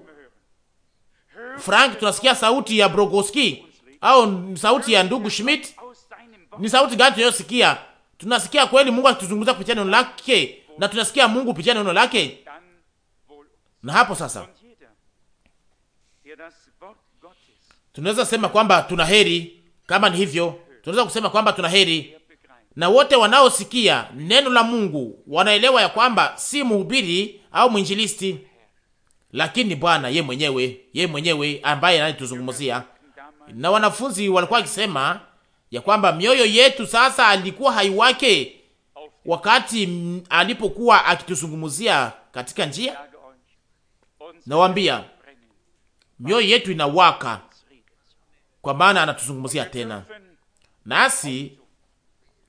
Frank, tunasikia sauti ya Brogoski au sauti ya ndugu Schmidt? Ni sauti gani tunayosikia? Tunasikia kweli Mungu akituzungumza kupitia neno lake na tunasikia Mungu kupitia neno lake. Na hapo sasa Tunaweza sema kwamba tuna heri kama ni hivyo, tunaweza kusema kwamba tuna heri, na wote wanaosikia neno la Mungu wanaelewa ya kwamba si mhubiri au mwinjilisti, lakini Bwana ye mwenyewe, ye mwenyewe ambaye anayetuzungumzia. Na wanafunzi walikuwa wakisema ya kwamba mioyo yetu sasa alikuwa haiwake wakati alipokuwa akituzungumzia katika njia. nawambia mioyo yetu inawaka, kwa maana anatuzungumzia tena, nasi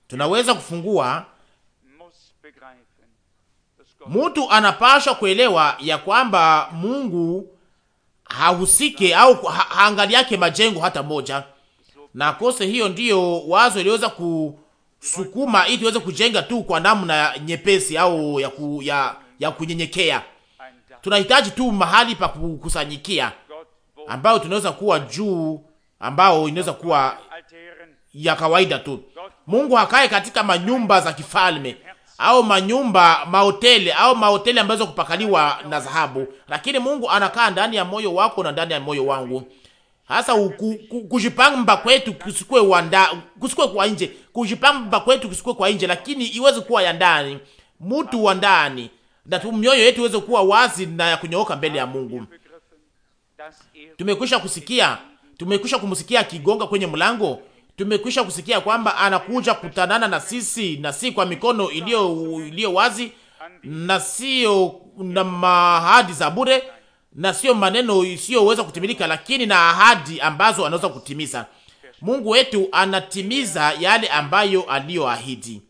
tunaweza kufungua. Mtu anapashwa kuelewa ya kwamba Mungu hahusike au haangali yake majengo hata moja, na kose hiyo ndiyo wazo iliweza kusukuma ili tuweze kujenga tu kwa namna nyepesi au ya, ku, ya, ya kunyenyekea. Tunahitaji tu mahali pa kukusanyikia ambayo tunaweza kuwa juu, ambayo inaweza kuwa ya kawaida tu. Mungu hakae katika manyumba za kifalme au manyumba mahoteli au mahoteli ambazo kupakaliwa na dhahabu, lakini Mungu anakaa ndani ya moyo wako na ndani ya moyo wangu. Hasa kujipamba kwetu kusikwe wanda, kusikwe kwa nje, kujipamba kwetu kusikwe kwa nje, lakini iweze kuwa ya ndani, mtu wa ndani, na mioyo yetu iweze kuwa wazi na ya kunyooka mbele ya Mungu. Tumekwisha kusikia, tumekwisha kumsikia akigonga kwenye mlango. Tumekwisha kusikia kwamba anakuja kutanana na sisi, na si kwa mikono iliyo iliyo wazi, na sio na mahadi za bure, na sio maneno isiyoweza kutimilika, lakini na ahadi ambazo anaweza kutimiza. Mungu wetu anatimiza yale ambayo aliyoahidi.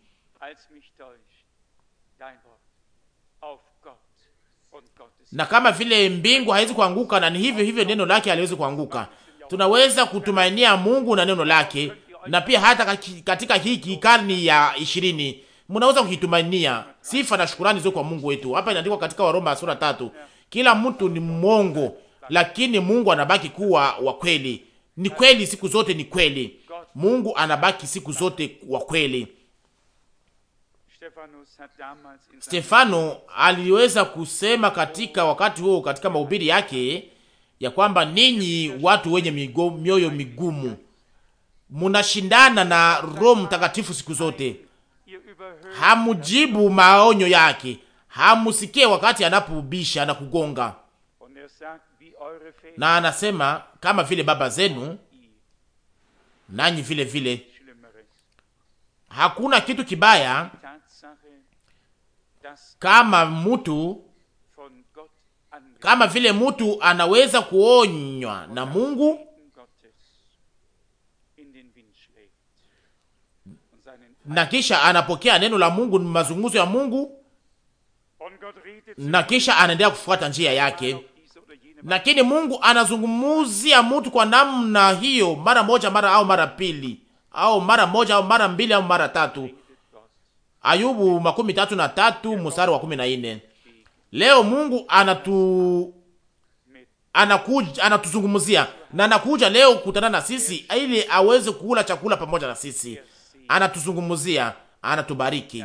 na kama vile mbingu haiwezi kuanguka, na ni hivyo hivyo neno lake haliwezi kuanguka. Tunaweza kutumainia Mungu na neno lake, na pia hata katika hiki karni ya ishirini mnaweza kukitumainia. Sifa na shukurani zote kwa Mungu wetu. Hapa inaandikwa katika Waroma sura tatu, kila mtu ni mwongo, lakini Mungu anabaki kuwa wa kweli. Ni kweli siku zote, ni kweli Mungu anabaki siku zote wa kweli. Stefano aliweza kusema katika wakati huo katika mahubiri yake ya kwamba ninyi watu wenye migo, mioyo migumu munashindana na Roho Mtakatifu siku zote, hamujibu maonyo yake, hamusikie wakati anapobisha na kugonga, na anasema kama vile baba zenu nanyi vile vile. Hakuna kitu kibaya kama mtu kama vile mtu anaweza kuonywa na Mungu na kisha anapokea neno la Mungu, mazungumzo ya Mungu, na kisha anaendelea kufuata njia yake. Lakini Mungu anazungumzia mtu kwa namna hiyo mara moja, mara au mara pili, au mara moja au mara mbili au mara tatu, Ayubu makumi tatu na tatu mstari wa kumi na nne. Leo Mungu anatu anakuja anatuzungumzia na anakuja leo kukutana na sisi ili aweze kula chakula pamoja na sisi. Anatuzungumzia, anatubariki.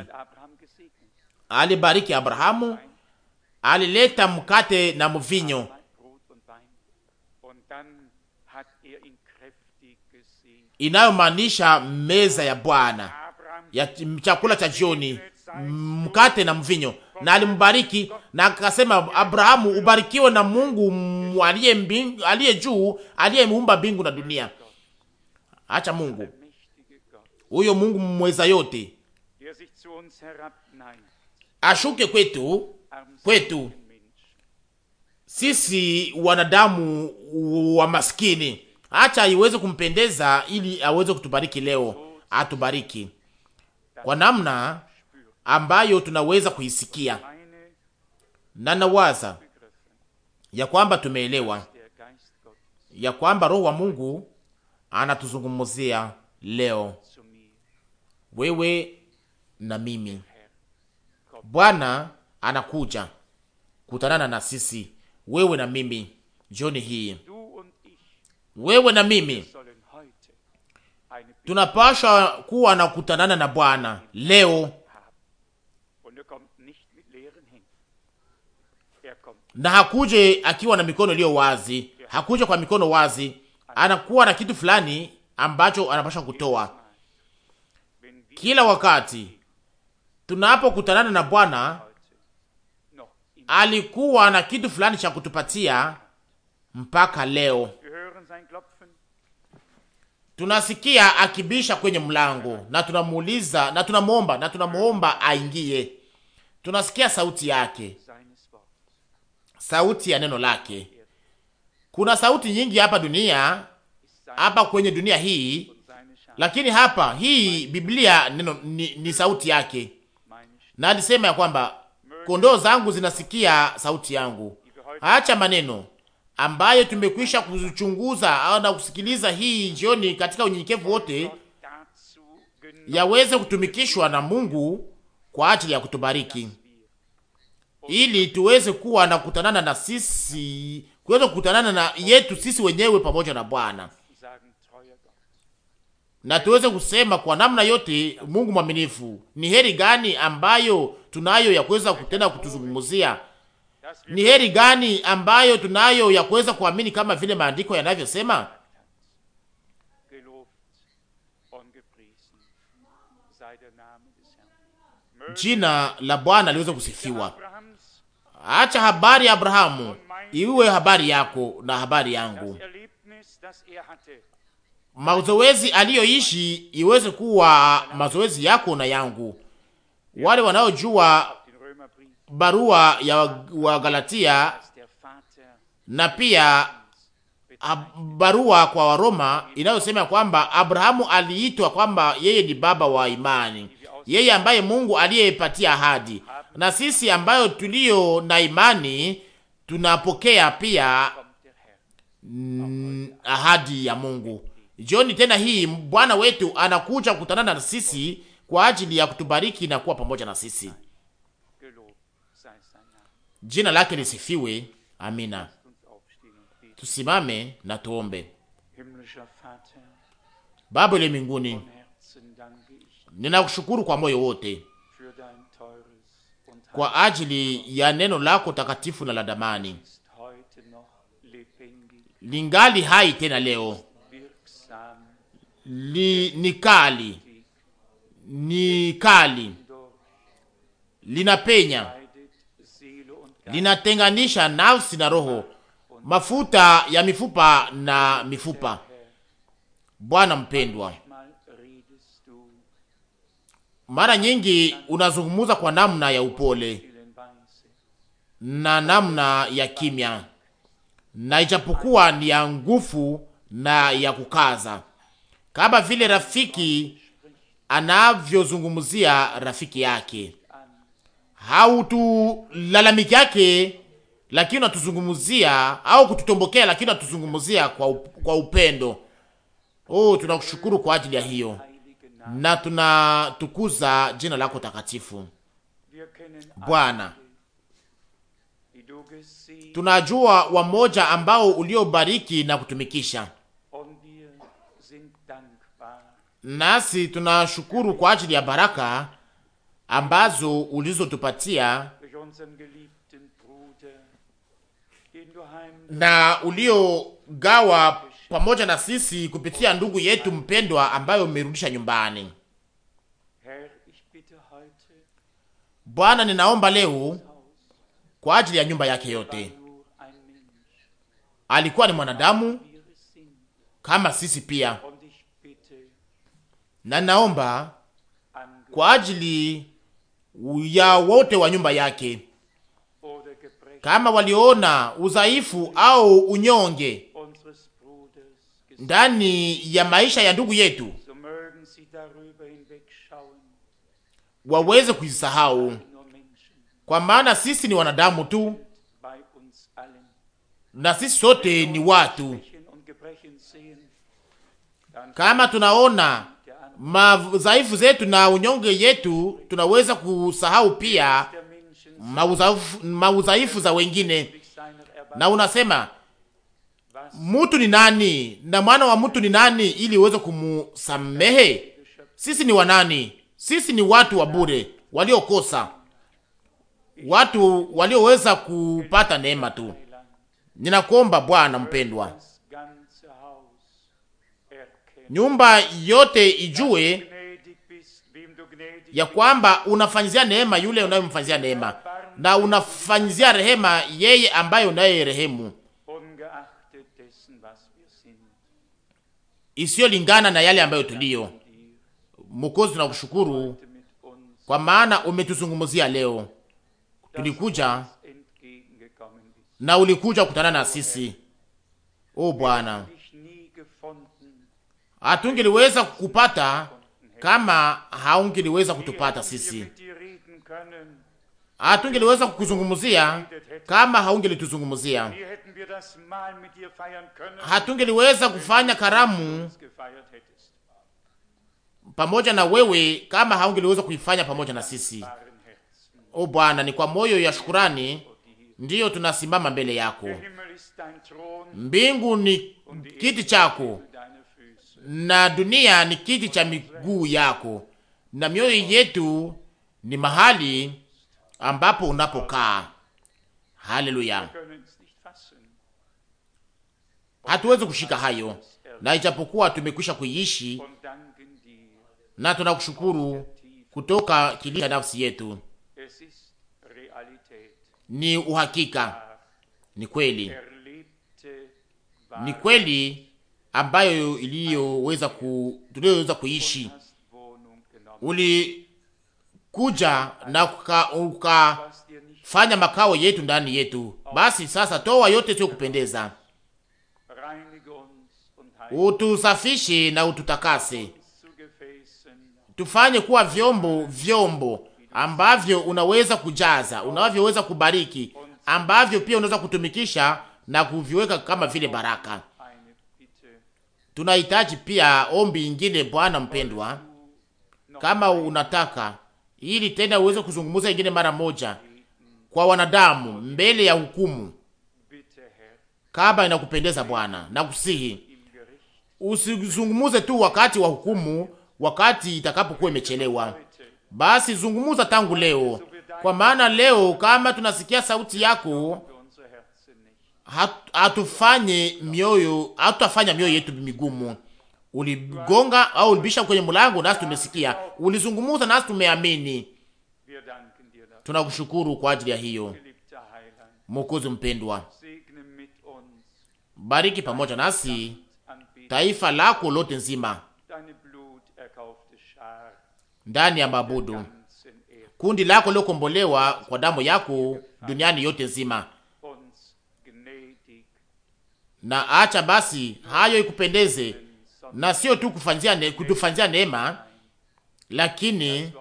Alibariki Abrahamu, alileta mkate na mvinyo, inayomaanisha meza ya Bwana ya chakula cha jioni, mkate na mvinyo, na alimbariki na akasema, Abrahamu, ubarikiwe na Mungu aliye juu, aliyemuumba mbingu na dunia. Acha Mungu huyo, Mungu mweza yote, ashuke kwetu kwetu sisi wanadamu wa maskini, acha iweze kumpendeza ili aweze kutubariki leo, atubariki kwa namna ambayo tunaweza kuisikia, na nawaza ya kwamba tumeelewa ya kwamba Roho wa Mungu anatuzungumzia leo, wewe na mimi. Bwana anakuja kutanana na sisi, wewe na mimi, jioni hii, wewe na mimi tunapasha kuwa na kutanana na Bwana leo er er na hakuje akiwa na mikono iliyo wazi, hakuje kwa mikono wazi. Anakuwa na kitu fulani ambacho anapasha kutoa kila wakati. Tunapokutanana na Bwana, alikuwa na kitu fulani cha kutupatia mpaka leo tunasikia akibisha kwenye mlango na tunamuuliza na tunamwomba na tunamuomba aingie. Tunasikia sauti yake, sauti ya neno lake. Kuna sauti nyingi hapa dunia, hapa kwenye dunia hii, lakini hapa hii Biblia neno ni, ni sauti yake, na alisema ya kwamba kondoo zangu zinasikia sauti yangu. Acha maneno ambayo tumekwisha kuchunguza au na kusikiliza hii jioni katika unyenyekevu wote, yaweze kutumikishwa na Mungu kwa ajili ya kutubariki, ili tuweze kuwa na kukutanana na sisi, kuweza kukutanana na yetu sisi wenyewe pamoja na Bwana, na tuweze kusema kwa namna yote, Mungu mwaminifu, ni heri gani ambayo tunayo ya kuweza kutenda kutuzungumzia ni heri gani ambayo tunayo ya kuweza kuamini kama vile maandiko yanavyosema? Jina la Bwana liweze kusifiwa. Acha habari ya Abrahamu iwe habari yako na habari yangu, mazoezi aliyoishi iweze kuwa mazoezi yako na yangu. Wale wanaojua barua ya Wagalatia na pia barua kwa Waroma inayosema kwamba Abrahamu aliitwa kwamba yeye ni baba wa imani, yeye ambaye Mungu aliyepatia ahadi, na sisi ambayo tulio na imani tunapokea pia ahadi ya Mungu. Jioni tena hii Bwana wetu anakuja kukutana na sisi kwa ajili ya kutubariki na kuwa pamoja na sisi. Jina lake lisifiwe. Amina. Tusimame na tuombe. Baba ile mbinguni, ninakushukuru kwa moyo wote kwa ajili ya neno lako takatifu na la damani lingali hai tena leo li, ni kali ni kali linapenya linatenganisha nafsi na roho, mafuta ya mifupa na mifupa. Bwana mpendwa, mara nyingi unazungumuza kwa namna ya upole na namna ya kimya, na ijapokuwa ni ya nguvu na ya kukaza, kama vile rafiki anavyozungumzia rafiki yake hautulalamikiake yake, lakini unatuzungumzia au kututombokea, lakini unatuzungumzia kwa, kwa upendo. Oh, tunakushukuru kwa ajili ya hiyo na tunatukuza jina lako takatifu Bwana. Tunajua wamoja ambao uliobariki na kutumikisha, nasi tunashukuru kwa ajili ya baraka ambazo ulizotupatia na uliogawa pamoja na sisi kupitia ndugu yetu mpendwa ambayo umerudisha nyumbani. Bwana, ninaomba leo kwa ajili ya nyumba yake yote. Alikuwa ni mwanadamu kama sisi pia, na ninaomba kwa ajili ya wote wa nyumba yake. Kama waliona udhaifu au unyonge ndani ya maisha ya ndugu yetu, waweze kuisahau, kwa maana sisi ni wanadamu tu, na sisi sote ni watu. Kama tunaona madhaifu zetu na unyonge yetu, tunaweza kusahau pia maudhaifu za wengine, na unasema mtu ni nani na mwana wa mtu ni nani ili uweze kumusamehe. Sisi ni wanani? Sisi ni watu wa bure waliokosa, watu walioweza kupata neema tu. Ninakuomba Bwana mpendwa nyumba yote ijue ya kwamba unafanyizia neema yule unayemfanyizia neema na unafanyizia rehema yeye ambaye unaye rehemu, isiyolingana na yale ambayo tuliyo. Mukozi, tunakushukuru kwa maana umetuzungumzia leo. Tulikuja na ulikuja kutana na sisi, o Bwana hatungeliweza kukupata kama haungeliweza kutupata sisi, hatungeliweza kukuzungumzia kama haungelituzungumzia, hatungeliweza kufanya karamu pamoja na wewe kama haungeliweza kuifanya pamoja na sisi. O Bwana, ni kwa moyo ya shukurani ndiyo tunasimama mbele yako. Mbingu ni kiti chako na dunia ni kiti cha miguu yako, na mioyo yetu ni mahali ambapo unapokaa. Haleluya! Hatuwezi kushika hayo, na ijapokuwa tumekwisha kuiishi, na tunakushukuru kutoka kilindi nafsi yetu. Ni uhakika, ni kweli, ni kweli ambayo iliyoweza ku tuliyoweza kuishi. Ulikuja na ukafanya makao yetu ndani yetu. Basi sasa toa yote sio kupendeza, utusafishe na ututakase, tufanye kuwa vyombo vyombo ambavyo unaweza kujaza, unavyoweza kubariki, ambavyo pia unaweza kutumikisha na kuviweka kama vile baraka Tunahitaji pia ombi ingine, Bwana mpendwa, kama unataka ili tena uweze kuzungumza ingine mara moja kwa wanadamu mbele ya hukumu, kama inakupendeza Bwana, nakusihi usizungumuze tu wakati wa hukumu, wakati itakapokuwa imechelewa. Basi zungumuza tangu leo, kwa maana leo kama tunasikia sauti yako hatufanye mioyo, hatutafanya mioyo yetu migumu. Uligonga au ulibisha kwenye mlango, nasi tumesikia. Ulizungumza nasi tumeamini. Tunakushukuru kwa ajili ya hiyo, Mwokozi mpendwa. Bariki pamoja nasi taifa lako lote nzima ndani ya mabudu, kundi lako lokombolewa kwa damu yako duniani yote nzima na acha basi hayo ikupendeze, na sio tu kufanzia kutufanzia neema, lakini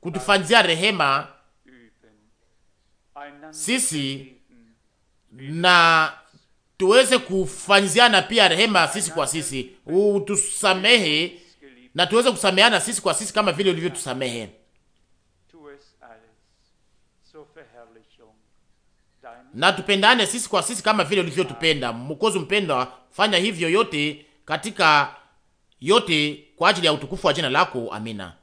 kutufanzia rehema sisi na tuweze kufanziana pia rehema sisi kwa sisi, utusamehe na tuweze kusameana sisi kwa sisi kama vile ulivyotusamehe. na tupendane sisi kwa sisi kama vile ulivyotupenda. Mwokozi mpendwa, fanya hivyo yote katika yote kwa ajili ya utukufu wa jina lako. Amina.